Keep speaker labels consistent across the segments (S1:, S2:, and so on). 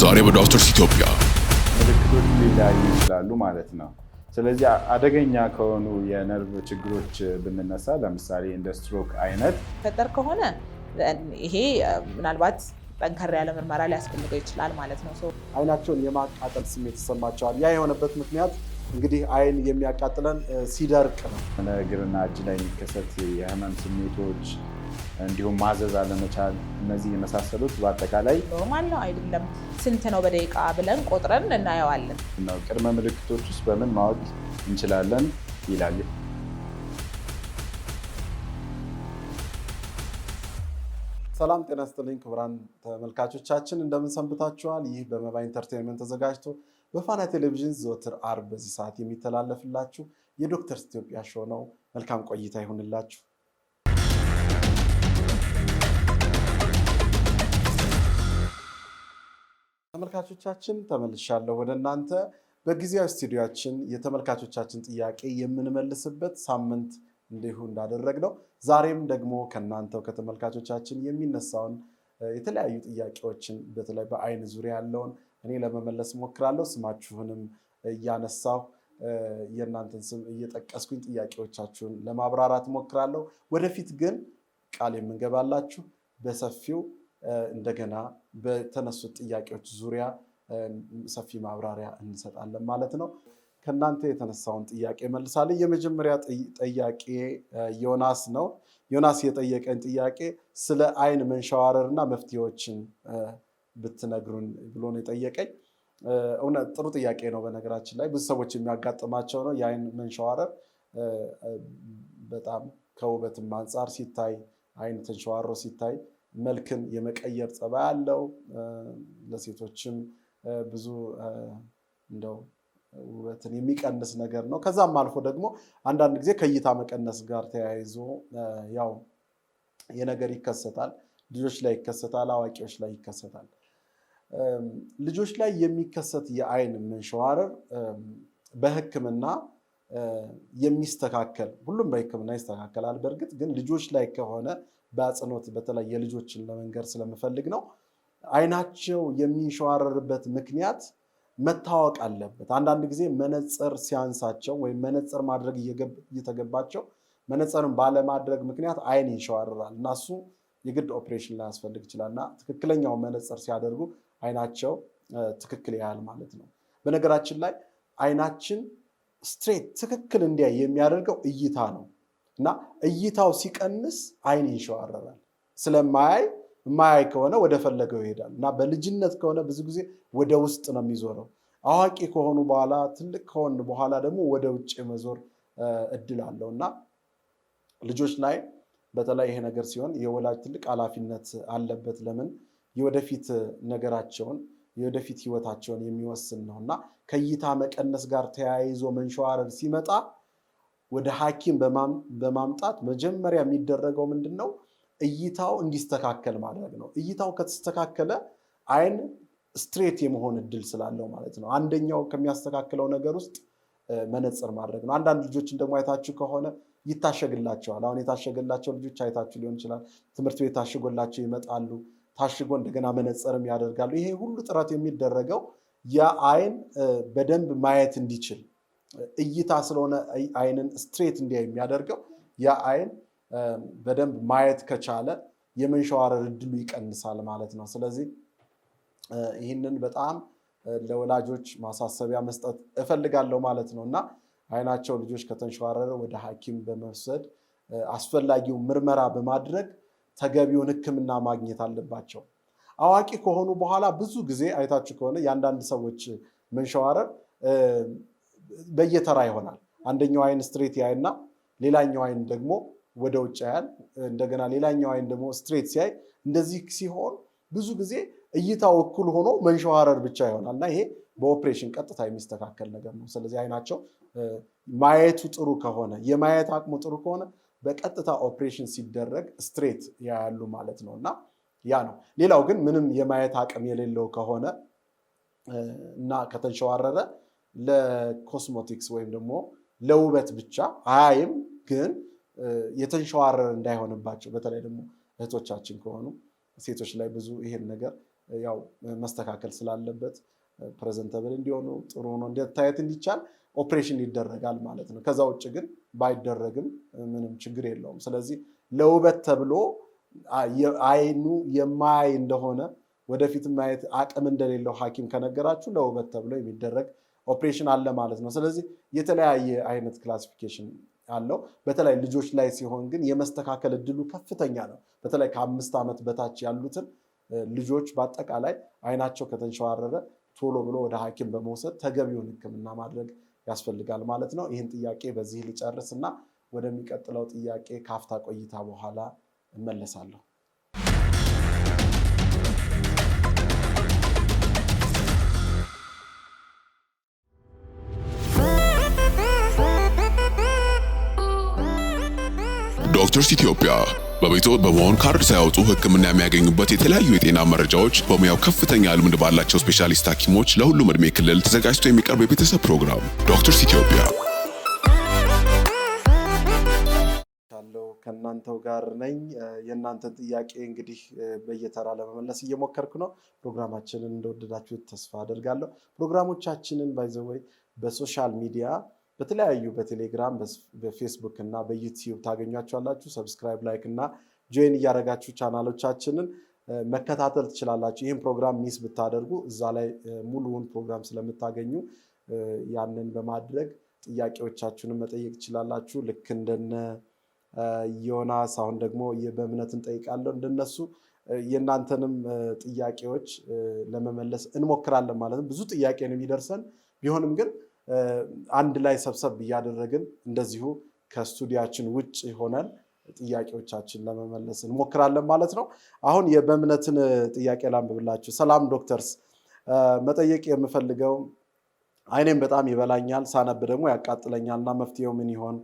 S1: ዛሬ በዶክተርስ ኢትዮጵያ
S2: ምልክቶች ሊለያዩ ይችላሉ ማለት ነው። ስለዚህ አደገኛ ከሆኑ የነርቭ ችግሮች ብንነሳ ለምሳሌ እንደ ስትሮክ አይነት
S3: ፈጠር ከሆነ ይሄ ምናልባት ጠንከር ያለ ምርመራ ሊያስፈልገው ይችላል ማለት ነው።
S4: አይናቸውን የማቃጠል ስሜት ይሰማቸዋል። ያ የሆነበት ምክንያት እንግዲህ አይን የሚያቃጥለን ሲደርቅ ነው።
S2: እግርና እጅ ላይ የሚከሰት የህመም ስሜቶች እንዲሁም ማዘዝ አለመቻል፣ እነዚህ የመሳሰሉት በአጠቃላይ
S3: ኖርማል ነው አይደለም፣ ስንት ነው በደቂቃ ብለን ቆጥረን እናየዋለን።
S2: ቅድመ ምልክቶች ውስጥ በምን ማወቅ እንችላለን ይላል።
S4: ሰላም ጤና ስጥልኝ ክቡራን ተመልካቾቻችን እንደምን ሰንብታችኋል? ይህ በመባ ኢንተርቴንመንት ተዘጋጅቶ በፋና ቴሌቪዥን ዘወትር አርብ በዚህ ሰዓት የሚተላለፍላችሁ የዶክተርስ ኢትዮጵያ ሾው ነው። መልካም ቆይታ ይሁንላችሁ። ተመልካቾቻችን ተመልሻለሁ ወደ እናንተ በጊዜያዊ ስቱዲያችን የተመልካቾቻችን ጥያቄ የምንመልስበት ሳምንት እንዲሁ ነው ዛሬም ደግሞ ከእናንተው ከተመልካቾቻችን የሚነሳውን የተለያዩ ጥያቄዎችን በተለይ በአይን ዙሪያ ያለውን እኔ ለመመለስ ሞክራለሁ ስማችሁንም እያነሳሁ የእናንተን ስም እየጠቀስኩኝ ጥያቄዎቻችሁን ለማብራራት ሞክራለሁ ወደፊት ግን ቃል የምንገባላችሁ በሰፊው እንደገና በተነሱት ጥያቄዎች ዙሪያ ሰፊ ማብራሪያ እንሰጣለን ማለት ነው። ከእናንተ የተነሳውን ጥያቄ መልሳለሁ። የመጀመሪያ ጥያቄ ዮናስ ነው። ዮናስ የጠየቀን ጥያቄ ስለ አይን መንሸዋረር እና መፍትሄዎችን ብትነግሩን ብሎ ነው የጠየቀኝ። እውነት ጥሩ ጥያቄ ነው። በነገራችን ላይ ብዙ ሰዎች የሚያጋጥማቸው ነው። የአይን መንሸዋረር በጣም ከውበትም አንጻር ሲታይ አይን ተንሸዋሮ ሲታይ መልክን የመቀየር ጸባይ አለው። ለሴቶችም ብዙ እንደው ውበትን የሚቀንስ ነገር ነው። ከዛም አልፎ ደግሞ አንዳንድ ጊዜ ከእይታ መቀነስ ጋር ተያይዞ ያው የነገር ይከሰታል። ልጆች ላይ ይከሰታል፣ አዋቂዎች ላይ ይከሰታል። ልጆች ላይ የሚከሰት የአይን መንሸዋረር በሕክምና የሚስተካከል ሁሉም በሕክምና ይስተካከላል። በእርግጥ ግን ልጆች ላይ ከሆነ በአጽንኦት በተለይ የልጆችን ለመንገር ስለምፈልግ ነው። አይናቸው የሚንሸዋረርበት ምክንያት መታወቅ አለበት። አንዳንድ ጊዜ መነፅር ሲያንሳቸው ወይም መነፅር ማድረግ እየተገባቸው መነፅርን ባለማድረግ ምክንያት አይን ይንሸዋረራል እና እሱ የግድ ኦፕሬሽን ላያስፈልግ ይችላል እና ትክክለኛው መነፅር ሲያደርጉ አይናቸው ትክክል ያህል ማለት ነው። በነገራችን ላይ አይናችን ስትሬት ትክክል እንዲያይ የሚያደርገው እይታ ነው። እና እይታው ሲቀንስ አይን ይንሸዋረራል። ስለማያይ የማያይ ከሆነ ወደ ፈለገው ይሄዳል እና በልጅነት ከሆነ ብዙ ጊዜ ወደ ውስጥ ነው የሚዞረው። አዋቂ ከሆኑ በኋላ ትልቅ ከሆን በኋላ ደግሞ ወደ ውጭ የመዞር እድል አለው እና ልጆች ላይ በተለይ ይሄ ነገር ሲሆን የወላጅ ትልቅ ኃላፊነት አለበት። ለምን የወደፊት ነገራቸውን የወደፊት ህይወታቸውን የሚወስን ነው እና ከእይታ መቀነስ ጋር ተያይዞ መንሸዋረር ሲመጣ ወደ ሐኪም በማምጣት መጀመሪያ የሚደረገው ምንድን ነው? እይታው እንዲስተካከል ማድረግ ነው። እይታው ከተስተካከለ አይን ስትሬት የመሆን እድል ስላለው ማለት ነው። አንደኛው ከሚያስተካክለው ነገር ውስጥ መነፅር ማድረግ ነው። አንዳንድ ልጆችን ደግሞ አይታችሁ ከሆነ ይታሸግላቸዋል። አሁን የታሸገላቸው ልጆች አይታችሁ ሊሆን ይችላል። ትምህርት ቤት ታሽጎላቸው ይመጣሉ። ታሽጎ እንደገና መነፅርም ያደርጋሉ። ይሄ ሁሉ ጥረት የሚደረገው የአይን በደንብ ማየት እንዲችል እይታ ስለሆነ አይንን ስትሬት እንዲያ የሚያደርገው ያ አይን በደንብ ማየት ከቻለ የመንሸዋረር እድሉ ይቀንሳል ማለት ነው። ስለዚህ ይህንን በጣም ለወላጆች ማሳሰቢያ መስጠት እፈልጋለሁ ማለት ነው እና አይናቸው ልጆች ከተንሸዋረረ ወደ ሐኪም በመውሰድ አስፈላጊውን ምርመራ በማድረግ ተገቢውን ሕክምና ማግኘት አለባቸው። አዋቂ ከሆኑ በኋላ ብዙ ጊዜ አይታችሁ ከሆነ የአንዳንድ ሰዎች መንሸዋረር በየተራ ይሆናል። አንደኛው አይን ስትሬት ያይና ሌላኛው አይን ደግሞ ወደ ውጭ ያያል። እንደገና ሌላኛው አይን ደግሞ ስትሬት ሲያይ፣ እንደዚህ ሲሆን ብዙ ጊዜ እይታው እኩል ሆኖ መንሸዋረር ብቻ ይሆናል እና ይሄ በኦፕሬሽን ቀጥታ የሚስተካከል ነገር ነው። ስለዚህ አይናቸው ማየቱ ጥሩ ከሆነ የማየት አቅሙ ጥሩ ከሆነ በቀጥታ ኦፕሬሽን ሲደረግ ስትሬት ያያሉ ማለት ነው እና ያ ነው። ሌላው ግን ምንም የማየት አቅም የሌለው ከሆነ እና ከተንሸዋረረ ለኮስሞቲክስ ወይም ደግሞ ለውበት ብቻ አይም ግን የተንሸዋረረ እንዳይሆንባቸው በተለይ ደግሞ እህቶቻችን ከሆኑ ሴቶች ላይ ብዙ ይሄን ነገር ያው መስተካከል ስላለበት ፕሬዘንተብል እንዲሆኑ ጥሩ ሆኖ እንዲታየት እንዲቻል ኦፕሬሽን ይደረጋል ማለት ነው። ከዛ ውጭ ግን ባይደረግም ምንም ችግር የለውም። ስለዚህ ለውበት ተብሎ አይኑ የማያይ እንደሆነ ወደፊት ማየት አቅም እንደሌለው ሐኪም ከነገራችሁ ለውበት ተብሎ የሚደረግ ኦፕሬሽን አለ ማለት ነው። ስለዚህ የተለያየ አይነት ክላሲፊኬሽን አለው። በተለይ ልጆች ላይ ሲሆን ግን የመስተካከል እድሉ ከፍተኛ ነው። በተለይ ከአምስት ዓመት በታች ያሉትን ልጆች በአጠቃላይ አይናቸው ከተንሸዋረረ ቶሎ ብሎ ወደ ሐኪም በመውሰድ ተገቢውን ሕክምና ማድረግ ያስፈልጋል ማለት ነው። ይህን ጥያቄ በዚህ ልጨርስ እና ወደሚቀጥለው ጥያቄ ካፍታ ቆይታ በኋላ እመለሳለሁ።
S1: ዶክተርስ ኢትዮጵያ በቤቶ በመሆን ካርድ ሳያወጡ ሕክምና የሚያገኙበት የተለያዩ የጤና መረጃዎች በሙያው ከፍተኛ ልምድ ባላቸው ስፔሻሊስት ሐኪሞች ለሁሉም ዕድሜ ክልል ተዘጋጅቶ የሚቀርብ የቤተሰብ ፕሮግራም ዶክተርስ ኢትዮጵያ
S4: ለው ከእናንተው ጋር ነኝ። የእናንተን ጥያቄ እንግዲህ በየተራ ለመመለስ እየሞከርኩ ነው። ፕሮግራማችንን እንደወደዳችሁት ተስፋ አደርጋለሁ። ፕሮግራሞቻችንን ባይዘወይ በሶሻል ሚዲያ በተለያዩ በቴሌግራም በፌስቡክ እና በዩቲዩብ ታገኟቸዋላችሁ። ሰብስክራይብ፣ ላይክ እና ጆይን እያደረጋችሁ ቻናሎቻችንን መከታተል ትችላላችሁ። ይህን ፕሮግራም ሚስ ብታደርጉ እዛ ላይ ሙሉውን ፕሮግራም ስለምታገኙ ያንን በማድረግ ጥያቄዎቻችሁንም መጠየቅ ትችላላችሁ። ልክ እንደነ ዮናስ አሁን ደግሞ በእምነት እንጠይቃለን እንደነሱ የእናንተንም ጥያቄዎች ለመመለስ እንሞክራለን። ማለት ብዙ ጥያቄ ነው የሚደርሰን ቢሆንም ግን አንድ ላይ ሰብሰብ እያደረግን እንደዚሁ ከስቱዲያችን ውጭ ሆነን ጥያቄዎቻችን ለመመለስ እንሞክራለን ማለት ነው። አሁን የበእምነትን ጥያቄ ላንብብላችሁ። ሰላም ዶክተርስ፣ መጠየቅ የምፈልገው አይኔም በጣም ይበላኛል፣ ሳነብ ደግሞ ያቃጥለኛል እና መፍትሄው ምን ይሆን?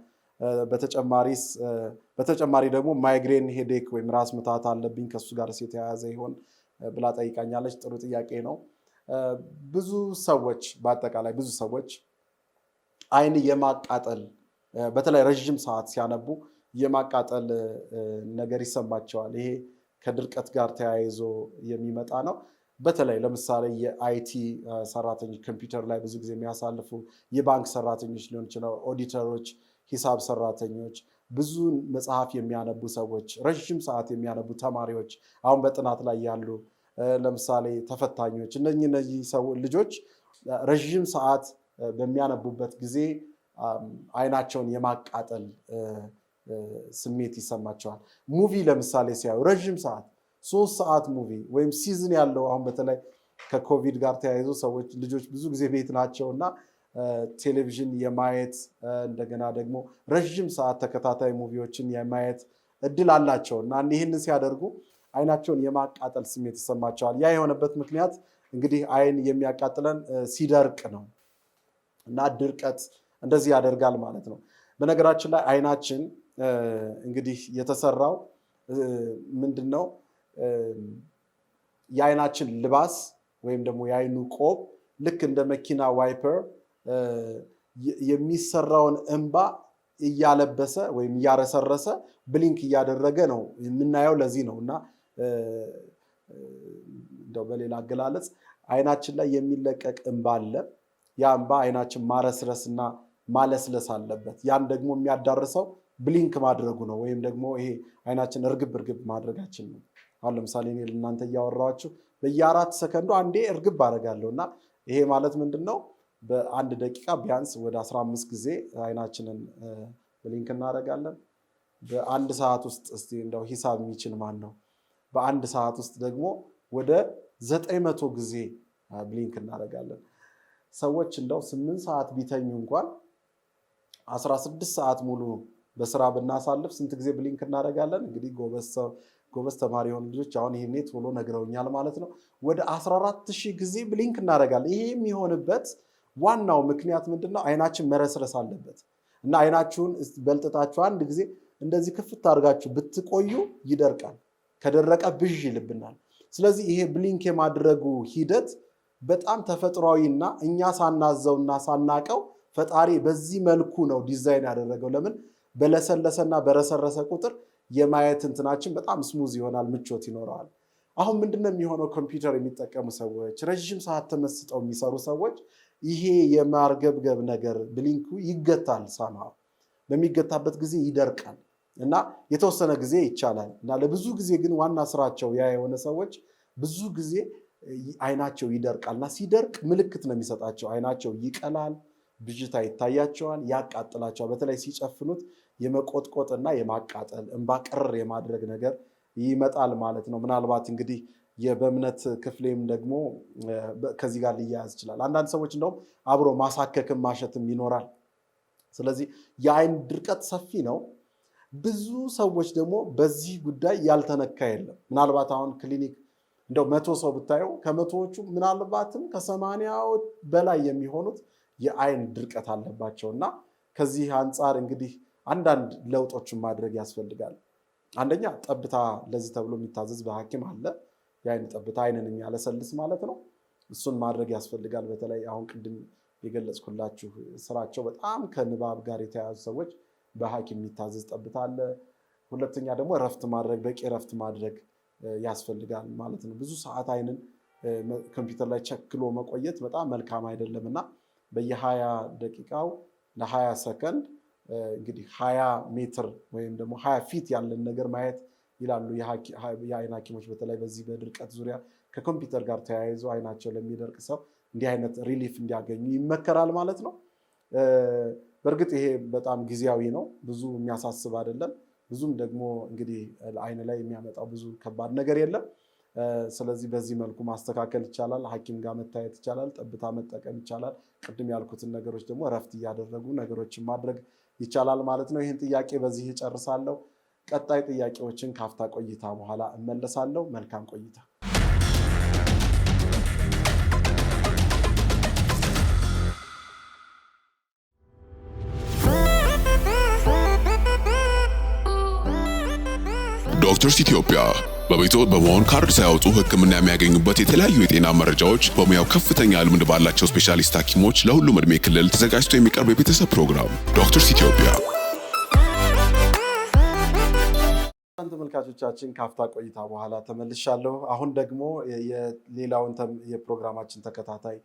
S4: በተጨማሪ ደግሞ ማይግሬን ሄዴክ ወይም ራስ ምታት አለብኝ ከሱ ጋር የተያያዘ ይሆን ብላ ጠይቃኛለች። ጥሩ ጥያቄ ነው። ብዙ ሰዎች በአጠቃላይ ብዙ ሰዎች አይን የማቃጠል በተለይ ረዥም ሰዓት ሲያነቡ የማቃጠል ነገር ይሰማቸዋል። ይሄ ከድርቀት ጋር ተያይዞ የሚመጣ ነው። በተለይ ለምሳሌ የአይቲ ሰራተኞች ኮምፒውተር ላይ ብዙ ጊዜ የሚያሳልፉ የባንክ ሰራተኞች ሊሆን ይችላል፣ ኦዲተሮች፣ ሂሳብ ሰራተኞች፣ ብዙ መጽሐፍ የሚያነቡ ሰዎች፣ ረዥም ሰዓት የሚያነቡ ተማሪዎች፣ አሁን በጥናት ላይ ያሉ ለምሳሌ ተፈታኞች፣ እነዚህ እነዚህ ልጆች ረዥም ሰዓት በሚያነቡበት ጊዜ አይናቸውን የማቃጠል ስሜት ይሰማቸዋል። ሙቪ ለምሳሌ ሲያዩ ረዥም ሰዓት ሶስት ሰዓት ሙቪ ወይም ሲዝን ያለው አሁን በተለይ ከኮቪድ ጋር ተያይዞ ሰዎች ልጆች ብዙ ጊዜ ቤት ናቸው እና ቴሌቪዥን የማየት እንደገና ደግሞ ረዥም ሰዓት ተከታታይ ሙቪዎችን የማየት እድል አላቸው እና ይህንን ሲያደርጉ አይናቸውን የማቃጠል ስሜት ይሰማቸዋል። ያ የሆነበት ምክንያት እንግዲህ አይን የሚያቃጥለን ሲደርቅ ነው። እና ድርቀት እንደዚህ ያደርጋል ማለት ነው። በነገራችን ላይ አይናችን እንግዲህ የተሰራው ምንድን ነው? የአይናችን ልባስ ወይም ደግሞ የአይኑ ቆብ ልክ እንደ መኪና ዋይፐር የሚሰራውን እንባ እያለበሰ ወይም እያረሰረሰ ብሊንክ እያደረገ ነው የምናየው። ለዚህ ነው እና እንደው በሌላ አገላለጽ አይናችን ላይ የሚለቀቅ እንባ አለ። ያ አይናችን ማረስረስና ማለስለስ አለበት። ያን ደግሞ የሚያዳርሰው ብሊንክ ማድረጉ ነው፣ ወይም ደግሞ ይሄ አይናችን እርግብ እርግብ ማድረጋችን ነው። አሁን ለምሳሌ እኔ ለእናንተ እያወራኋችሁ በየአራት ሰከንዱ አንዴ እርግብ አደርጋለሁ እና ይሄ ማለት ምንድን ነው? በአንድ ደቂቃ ቢያንስ ወደ 15 ጊዜ አይናችንን ብሊንክ እናደርጋለን። በአንድ ሰዓት ውስጥ እስኪ እንደው ሂሳብ የሚችል ማን ነው? በአንድ ሰዓት ውስጥ ደግሞ ወደ ዘጠኝ መቶ ጊዜ ብሊንክ እናደርጋለን። ሰዎች እንደው ስምንት ሰዓት ቢተኙ እንኳን አስራ ስድስት ሰዓት ሙሉ በስራ ብናሳልፍ ስንት ጊዜ ብሊንክ እናደርጋለን? እንግዲህ ጎበዝ ተማሪ የሆኑ ልጆች አሁን ይሄኔ ቶሎ ነግረውኛል ማለት ነው። ወደ 14 ጊዜ ብሊንክ እናደርጋለን። ይሄ የሚሆንበት ዋናው ምክንያት ምንድነው አይናችን መረስረስ አለበት እና አይናችሁን በልጥጣችሁ አንድ ጊዜ እንደዚህ ክፍት አድርጋችሁ ብትቆዩ ይደርቃል። ከደረቀ ብዥ ይልብናል። ስለዚህ ይሄ ብሊንክ የማድረጉ ሂደት በጣም ተፈጥሯዊና እኛ ሳናዘውና ሳናቀው ፈጣሪ በዚህ መልኩ ነው ዲዛይን ያደረገው። ለምን በለሰለሰና በረሰረሰ ቁጥር የማየት እንትናችን በጣም ስሙዝ ይሆናል፣ ምቾት ይኖረዋል። አሁን ምንድነው የሚሆነው? ኮምፒውተር የሚጠቀሙ ሰዎች፣ ረዥም ሰዓት ተመስጠው የሚሰሩ ሰዎች ይሄ የማርገብገብ ነገር ብሊንኩ ይገታል። ሳማ በሚገታበት ጊዜ ይደርቃል እና የተወሰነ ጊዜ ይቻላል እና ለብዙ ጊዜ ግን ዋና ስራቸው ያ የሆነ ሰዎች ብዙ ጊዜ አይናቸው ይደርቃልና ሲደርቅ ምልክት ነው የሚሰጣቸው። አይናቸው ይቀላል፣ ብዥታ ይታያቸዋል፣ ያቃጥላቸዋል። በተለይ ሲጨፍኑት የመቆጥቆጥና የማቃጠል እንባ ቅርር የማድረግ ነገር ይመጣል ማለት ነው። ምናልባት እንግዲህ በእምነት ክፍሌም ደግሞ ከዚህ ጋር ሊያያዝ ይችላል። አንዳንድ ሰዎች እንደውም አብሮ ማሳከክም ማሸትም ይኖራል። ስለዚህ የአይን ድርቀት ሰፊ ነው። ብዙ ሰዎች ደግሞ በዚህ ጉዳይ ያልተነካ የለም። ምናልባት አሁን ክሊኒክ እንደው መቶ ሰው ብታየው ከመቶዎቹ ምናልባትም ከሰማንያው በላይ የሚሆኑት የአይን ድርቀት አለባቸው እና ከዚህ አንጻር እንግዲህ አንዳንድ ለውጦችን ማድረግ ያስፈልጋል። አንደኛ ጠብታ ለዚህ ተብሎ የሚታዘዝ በሐኪም አለ። የአይን ጠብታ አይንን የሚያለሰልስ ማለት ነው። እሱን ማድረግ ያስፈልጋል። በተለይ አሁን ቅድም የገለጽኩላችሁ ስራቸው በጣም ከንባብ ጋር የተያያዙ ሰዎች በሐኪም የሚታዘዝ ጠብታ አለ። ሁለተኛ ደግሞ እረፍት ማድረግ በቂ እረፍት ማድረግ ያስፈልጋል ማለት ነው። ብዙ ሰዓት አይንን ኮምፒውተር ላይ ቸክሎ መቆየት በጣም መልካም አይደለም እና በየሀያ ደቂቃው ለሀያ ሰከንድ እንግዲህ ሀያ ሜትር ወይም ደግሞ ሀያ ፊት ያለን ነገር ማየት ይላሉ የአይን ሐኪሞች በተለይ በዚህ በድርቀት ዙሪያ ከኮምፒውተር ጋር ተያይዞ አይናቸው ለሚደርቅ ሰው እንዲህ አይነት ሪሊፍ እንዲያገኙ ይመከራል ማለት ነው። በእርግጥ ይሄ በጣም ጊዜያዊ ነው፣ ብዙ የሚያሳስብ አይደለም። ብዙም ደግሞ እንግዲህ አይን ላይ የሚያመጣው ብዙ ከባድ ነገር የለም። ስለዚህ በዚህ መልኩ ማስተካከል ይቻላል። ሐኪም ጋር መታየት ይቻላል። ጠብታ መጠቀም ይቻላል። ቅድም ያልኩትን ነገሮች ደግሞ እረፍት እያደረጉ ነገሮችን ማድረግ ይቻላል ማለት ነው። ይህን ጥያቄ በዚህ እጨርሳለሁ። ቀጣይ ጥያቄዎችን ካፍታ ቆይታ በኋላ እመለሳለሁ። መልካም ቆይታ
S1: ዶክተርስ ኢትዮጵያ በቤቶ በመሆን ካርድ ሳያወጡ ሕክምና የሚያገኙበት የተለያዩ የጤና መረጃዎች በሙያው ከፍተኛ ልምድ ባላቸው ስፔሻሊስት ሐኪሞች ለሁሉም እድሜ ክልል ተዘጋጅቶ የሚቀርብ የቤተሰብ ፕሮግራም ዶክተርስ ኢትዮጵያ።
S4: ተመልካቾቻችን ካፍታ ቆይታ በኋላ ተመልሻለሁ። አሁን ደግሞ የሌላውን የፕሮግራማችን ተከታታይ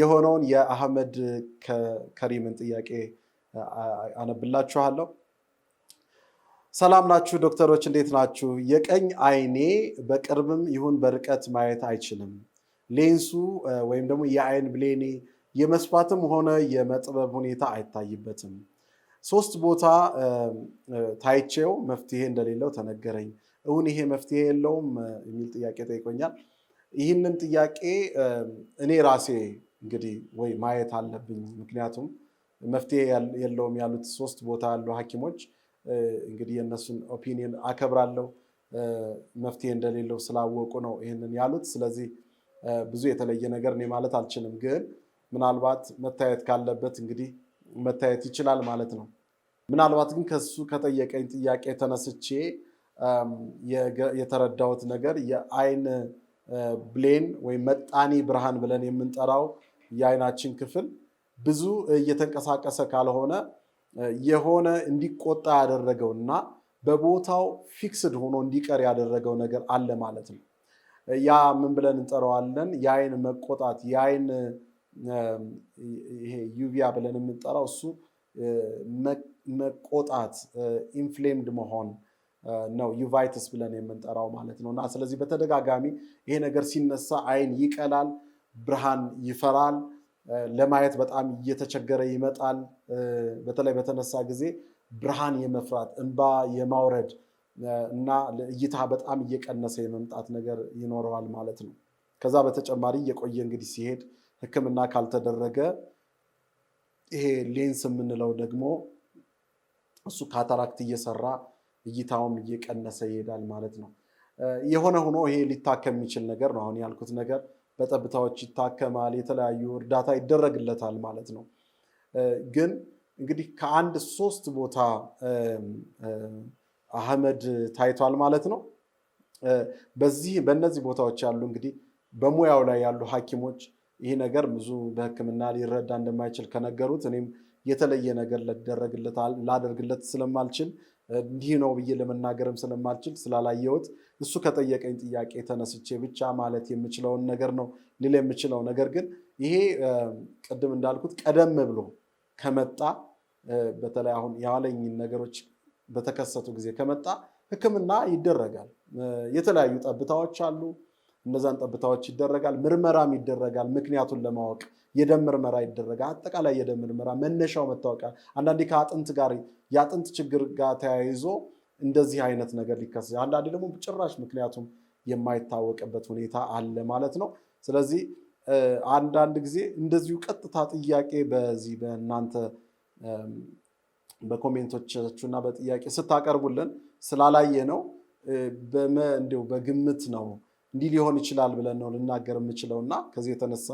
S4: የሆነውን የአህመድ ከሪምን ጥያቄ አነብላችኋለሁ። ሰላም ናችሁ ዶክተሮች፣ እንዴት ናችሁ? የቀኝ አይኔ በቅርብም ይሁን በርቀት ማየት አይችልም። ሌንሱ ወይም ደግሞ የአይን ብሌኔ የመስፋትም ሆነ የመጥበብ ሁኔታ አይታይበትም። ሶስት ቦታ ታይቼው መፍትሄ እንደሌለው ተነገረኝ። እውን ይሄ መፍትሄ የለውም የሚል ጥያቄ ጠይቆኛል። ይህንን ጥያቄ እኔ ራሴ እንግዲህ ወይ ማየት አለብኝ፣ ምክንያቱም መፍትሄ የለውም ያሉት ሶስት ቦታ ያሉ ሐኪሞች እንግዲህ የእነሱን ኦፒኒየን አከብራለሁ። መፍትሄ እንደሌለው ስላወቁ ነው ይህንን ያሉት። ስለዚህ ብዙ የተለየ ነገር እኔ ማለት አልችልም፣ ግን ምናልባት መታየት ካለበት እንግዲህ መታየት ይችላል ማለት ነው። ምናልባት ግን ከሱ ከጠየቀኝ ጥያቄ ተነስቼ የተረዳሁት ነገር የአይን ብሌን ወይም መጣኔ ብርሃን ብለን የምንጠራው የአይናችን ክፍል ብዙ እየተንቀሳቀሰ ካልሆነ የሆነ እንዲቆጣ ያደረገው እና በቦታው ፊክስድ ሆኖ እንዲቀር ያደረገው ነገር አለ ማለት ነው። ያ ምን ብለን እንጠራዋለን? የአይን መቆጣት፣ የአይን ይሄ ዩቪያ ብለን የምንጠራው እሱ መቆጣት፣ ኢንፍሌምድ መሆን ነው ዩቫይትስ ብለን የምንጠራው ማለት ነው። እና ስለዚህ በተደጋጋሚ ይሄ ነገር ሲነሳ አይን ይቀላል፣ ብርሃን ይፈራል። ለማየት በጣም እየተቸገረ ይመጣል። በተለይ በተነሳ ጊዜ ብርሃን የመፍራት እንባ የማውረድ እና እይታ በጣም እየቀነሰ የመምጣት ነገር ይኖረዋል ማለት ነው። ከዛ በተጨማሪ እየቆየ እንግዲህ ሲሄድ ሕክምና ካልተደረገ ይሄ ሌንስ የምንለው ደግሞ እሱ ካታራክት እየሰራ እይታውም እየቀነሰ ይሄዳል ማለት ነው። የሆነ ሆኖ ይሄ ሊታከም የሚችል ነገር ነው። አሁን ያልኩት ነገር በጠብታዎች ይታከማል፣ የተለያዩ እርዳታ ይደረግለታል ማለት ነው። ግን እንግዲህ ከአንድ ሶስት ቦታ አህመድ ታይቷል ማለት ነው። በዚህ በእነዚህ ቦታዎች ያሉ እንግዲህ በሙያው ላይ ያሉ ሐኪሞች ይህ ነገር ብዙ በሕክምና ሊረዳ እንደማይችል ከነገሩት እኔም የተለየ ነገር ላደርግለት ስለማልችል እንዲህ ነው ብዬ ለመናገርም ስለማልችል ስላላየሁት እሱ ከጠየቀኝ ጥያቄ ተነስቼ ብቻ ማለት የምችለውን ነገር ነው ሊል የምችለው። ነገር ግን ይሄ ቅድም እንዳልኩት ቀደም ብሎ ከመጣ በተለይ አሁን የኋለኝ ነገሮች በተከሰቱ ጊዜ ከመጣ ሕክምና ይደረጋል። የተለያዩ ጠብታዎች አሉ። እነዛን ጠብታዎች ይደረጋል፣ ምርመራም ይደረጋል ምክንያቱን ለማወቅ የደም ምርመራ ይደረጋል። አጠቃላይ የደም ምርመራ መነሻው መታወቂያ አንዳንዴ ከአጥንት ጋር የአጥንት ችግር ጋር ተያይዞ እንደዚህ አይነት ነገር ሊከሰት አንዳንዴ ደግሞ ጭራሽ ምክንያቱም የማይታወቅበት ሁኔታ አለ ማለት ነው። ስለዚህ አንዳንድ ጊዜ እንደዚሁ ቀጥታ ጥያቄ በዚህ በእናንተ በኮሜንቶቻችሁ እና በጥያቄ ስታቀርቡልን ስላላየ ነው እንዲሁ በግምት ነው እንዲህ ሊሆን ይችላል ብለን ነው ልናገር የምችለው እና ከዚህ የተነሳ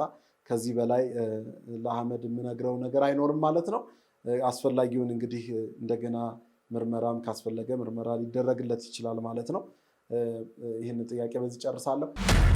S4: ከዚህ በላይ ለአህመድ የምነግረው ነገር አይኖርም ማለት ነው። አስፈላጊውን እንግዲህ እንደገና ምርመራም ካስፈለገ ምርመራ ሊደረግለት ይችላል ማለት ነው። ይህን ጥያቄ በዚህ ጨርሳለሁ።